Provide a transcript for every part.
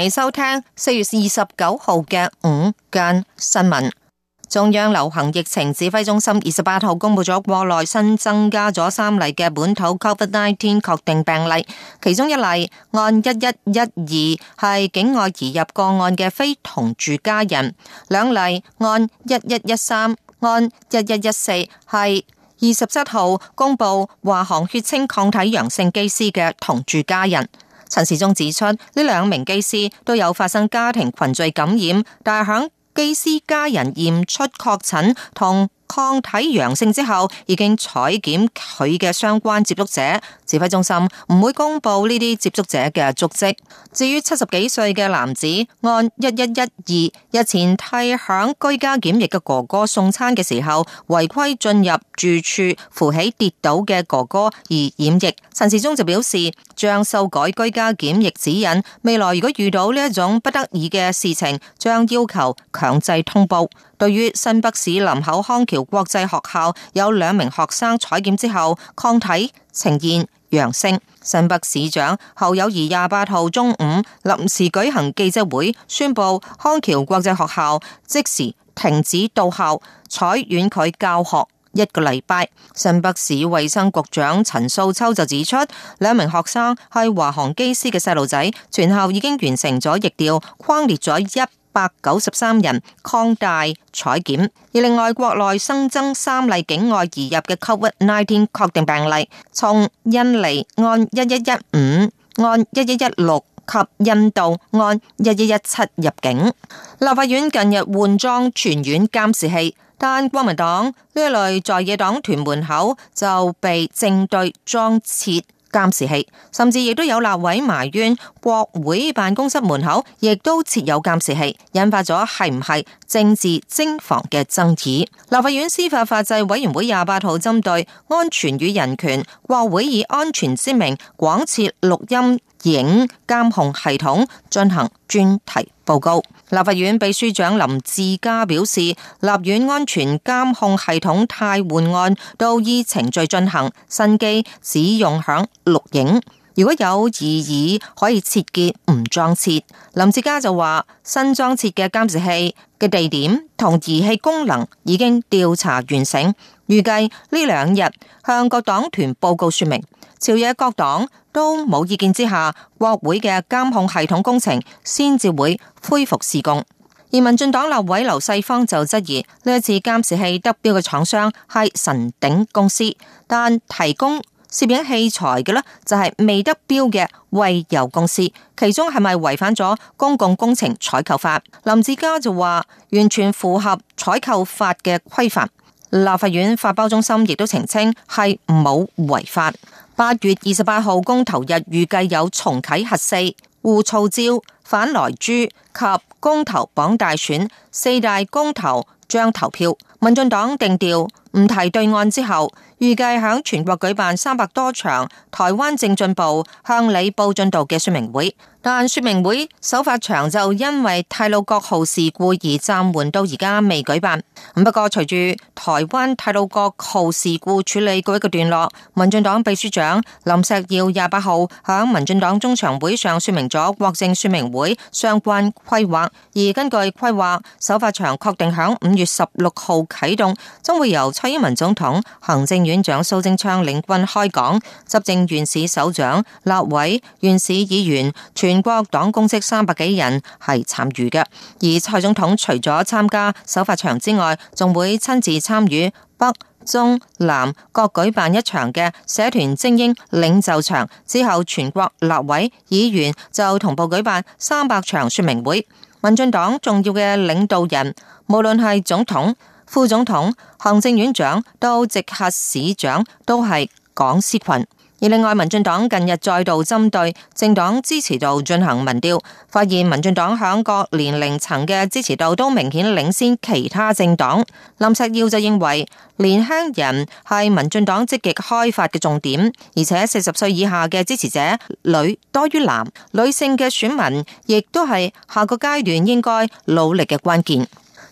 你收聽四月二十九號嘅午間新聞。中央流行疫情指揮中心二十八號公布咗國內新增加咗三例嘅本土 COVID-19 確定病例，其中一例案一一一二係境外移入個案嘅非同住家人，兩例案一一一三、案一一一四係二十七號公布華航血清抗體陽性機師嘅同住家人。陳時中指出，呢兩名機師都有發生家庭群聚感染，但係響機師家人驗出確診同抗體陽性之後，已經採檢佢嘅相關接觸者。指揮中心唔會公布呢啲接觸者嘅足跡。至於七十幾歲嘅男子，按一一一二日前替響居家檢疫嘅哥哥送餐嘅時候，違規進入住處扶起跌倒嘅哥哥而染疫。陳時中就表示，將修改居家檢疫指引。未來如果遇到呢一種不得已嘅事情，將要求強制通報。對於新北市林口康橋國際學校有兩名學生採檢之後，抗體呈現。陽性，新北市長侯友宜廿八號中午臨時舉行記者會，宣布康橋國際學校即時停止到校，採遠距教學一個禮拜。新北市衛生局長陳素秋就指出，兩名學生係華航機師嘅細路仔，全校已經完成咗疫調框列咗一。百九十三人擴大採檢，而另外國內新增三例境外移入嘅 COVID-19 確定病例，從印尼按一一一五、按一一一六及印度按一一一七入境。立法院近日換裝全院監視器，但國民黨呢一類在野黨團門口就被正對裝設。監視器，甚至亦都有立委埋怨，國會辦公室門口亦都設有監視器，引發咗係唔係政治偵防嘅爭議。立法院司法法制委員會廿八號針對安全與人權，國會以安全之名廣設錄音、影監控系統，進行專題報告。立法院秘書長林志嘉表示，立院安全監控系統汰換案，都依程序進行，新機只用響錄影，如果有異議可以切結，唔裝設。林志嘉就話，新裝設嘅監視器嘅地點同儀器功能已經調查完成，預計呢兩日向各黨團報告說明。朝野各黨都冇意見之下，國會嘅監控系統工程先至會恢復施工。而民進黨立委劉世芳就質疑呢一次監視器得標嘅廠商係神鼎公司，但提供攝影器材嘅呢就係未得標嘅惠游公司，其中係咪違反咗公共工程採購法？林志嘉就話完全符合採購法嘅規範，立法院發包中心亦都澄清係冇違法。八月二十八號公投日，預計有重啟核四、護藻礁、反萊豬及公投綁大選四大公投將投票。民進黨定調唔提對岸之後，預計響全國舉辦三百多場台灣正進步向你報進度嘅說明會，但說明會首發場就因為太魯閣號事故而暫緩，到而家未舉辦。咁不過隨住台灣太魯閣號事故處理告一個段落，民進黨秘書長林錫耀廿八號響民進黨中常會上說明咗國政說明會相關規劃，而根據規劃，首發場確定響五月十六號啟動，將會由蔡英文總統行政。院長蘇貞昌領軍開講，執政縣市首長、立委、縣市議員、全國黨公職三百幾人係參與嘅。而蔡總統除咗參加首發場之外，仲會親自參與北、中、南各舉辦一場嘅社團精英領袖場。之後全國立委、議員就同步舉辦三百場說明會。民進黨重要嘅領導人，無論係總統。副總統、行政院長到直轄市長都係講師群，而另外民進黨近日再度針對政黨支持度進行民調，發現民進黨響各年齡層嘅支持度都明顯領先其他政黨。林錫耀就認為，年輕人係民進黨積極開發嘅重點，而且四十歲以下嘅支持者女多於男，女性嘅選民亦都係下個階段應該努力嘅關鍵。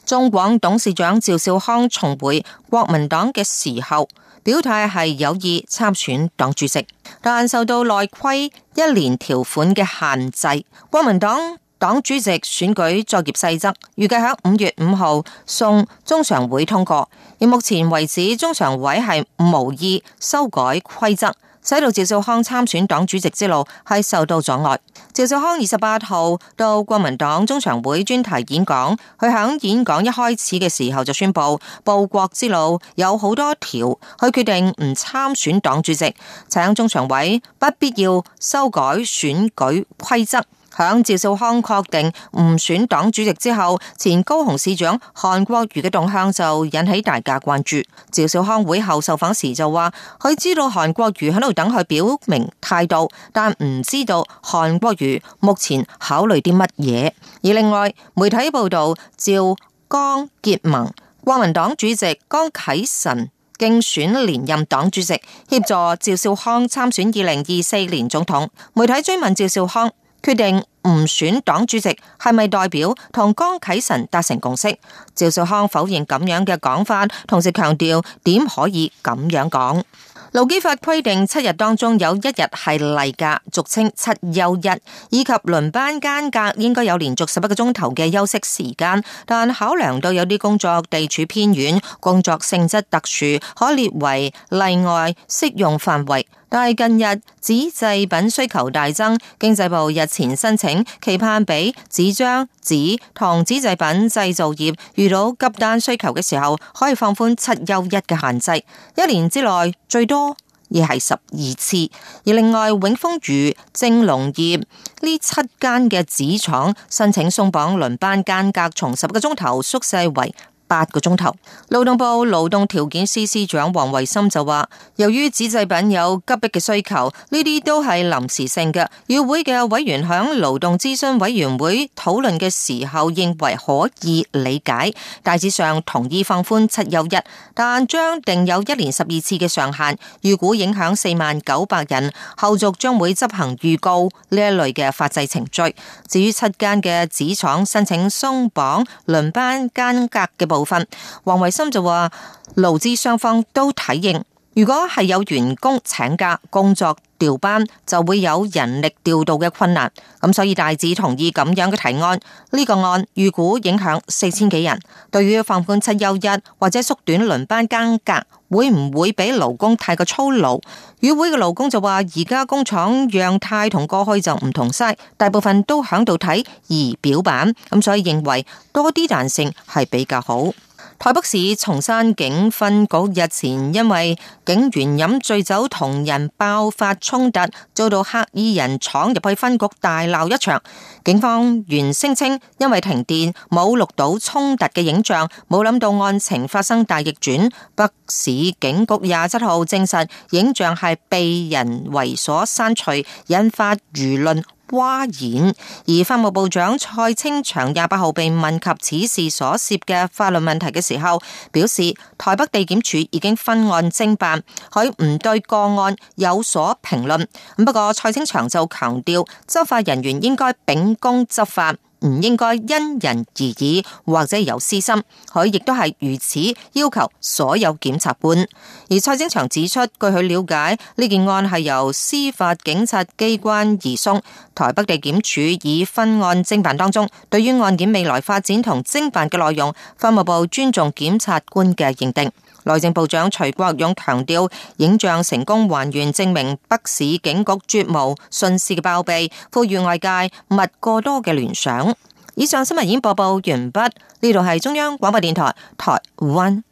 中廣董事長趙少康重回國民黨嘅時候表態係有意參選黨主席，但受到內規一年條款嘅限制。國民黨黨主席選舉作業細則預計喺五月五號送中常委通過，而目前為止中常委係無意修改規則，使到趙少康參選黨主席之路係受到阻礙。趙少康二十八號到國民黨中常會專題演講，佢喺演講一開始嘅時候就宣布報國之路有好多條，佢決定唔參選黨主席，請中常委不必要修改選舉規則。喺趙少康確定唔選黨主席之後，前高雄市長韓國瑜嘅動向就引起大家關注。趙少康會後受訪時就話：佢知道韓國瑜喺度等佢表明態度，但唔知道韓國瑜目前考慮啲乜嘢。而另外，媒體報道趙江結盟，國民黨主席江啟臣競選連任黨主席，協助趙少康參選二零二四年總統。媒體追問趙少康。決定唔選黨主席係咪代表同江啟臣達成共識？趙少康否認咁樣嘅講法，同時強調點可以咁樣講？勞基法規定七日當中有一日係例假，俗稱七休一，以及輪班間隔應該有連續十一個鐘頭嘅休息時間，但考量到有啲工作地處偏遠、工作性質特殊，可列為例外適用範圍。但係近日紙製品需求大增，經濟部日前申請，期盼俾紙張、紙糖紙製品製造業遇到急單需求嘅時候，可以放寬七休一嘅限制，一年之內最多亦係十二次。而另外永豐餘、正隆業呢七間嘅紙廠申請鬆綁輪班間隔，從十個鐘頭縮細為。八個鐘頭，勞動部勞動條件司司長黃維森就話，由於紙製品有急迫嘅需求，呢啲都係臨時性嘅。與會嘅委員響勞動諮詢委員會討論嘅時候，認為可以理解，大致上同意放寬七休一，但將定有一年十二次嘅上限。預估影響四萬九百人，後續將會執行預告呢一類嘅法制程序。至於七間嘅紙廠申請鬆綁輪班間隔嘅部分，黃維森就話勞資雙方都體認，如果係有員工請假、工作調班，就會有人力調度嘅困難，咁所以大致同意咁樣嘅提案。呢、這個案預估影響四千幾人，對於放寬七休一或者縮短輪班間隔。會唔會俾勞工太過粗魯？與會嘅勞工就話：而家工廠樣態同過去就唔同晒，大部分都喺度睇儀表板，咁所以認為多啲彈性係比較好。台北市松山警分局日前因為警員飲醉酒同人爆發衝突，遭到黑衣人闖入去分局大鬧一場。警方原聲稱因為停電冇錄到衝突嘅影像，冇諗到案情發生大逆轉。北市警局廿七號證實，影像係被人為所刪除，引發輿論嘩然，而法務部長蔡清祥廿八號被問及此事所涉嘅法律問題嘅時候，表示台北地檢署已經分案偵辦，佢唔對個案有所評論。不過蔡清祥就強調，執法人員應該秉公執法。唔應該因人而異，或者有私心，佢亦都係如此要求所有檢察官。而蔡清祥指出，據佢了解，呢件案係由司法警察機關移送台北地檢署，以分案偵辦當中。對於案件未來發展同偵辦嘅內容，法務部尊重檢察官嘅認定。內政部長徐國勇強調，影像成功還原，證明北市警局絕無徇私嘅包庇，呼籲外界勿過多嘅聯想。以上新聞已經播報完畢，呢度係中央廣播電台台灣。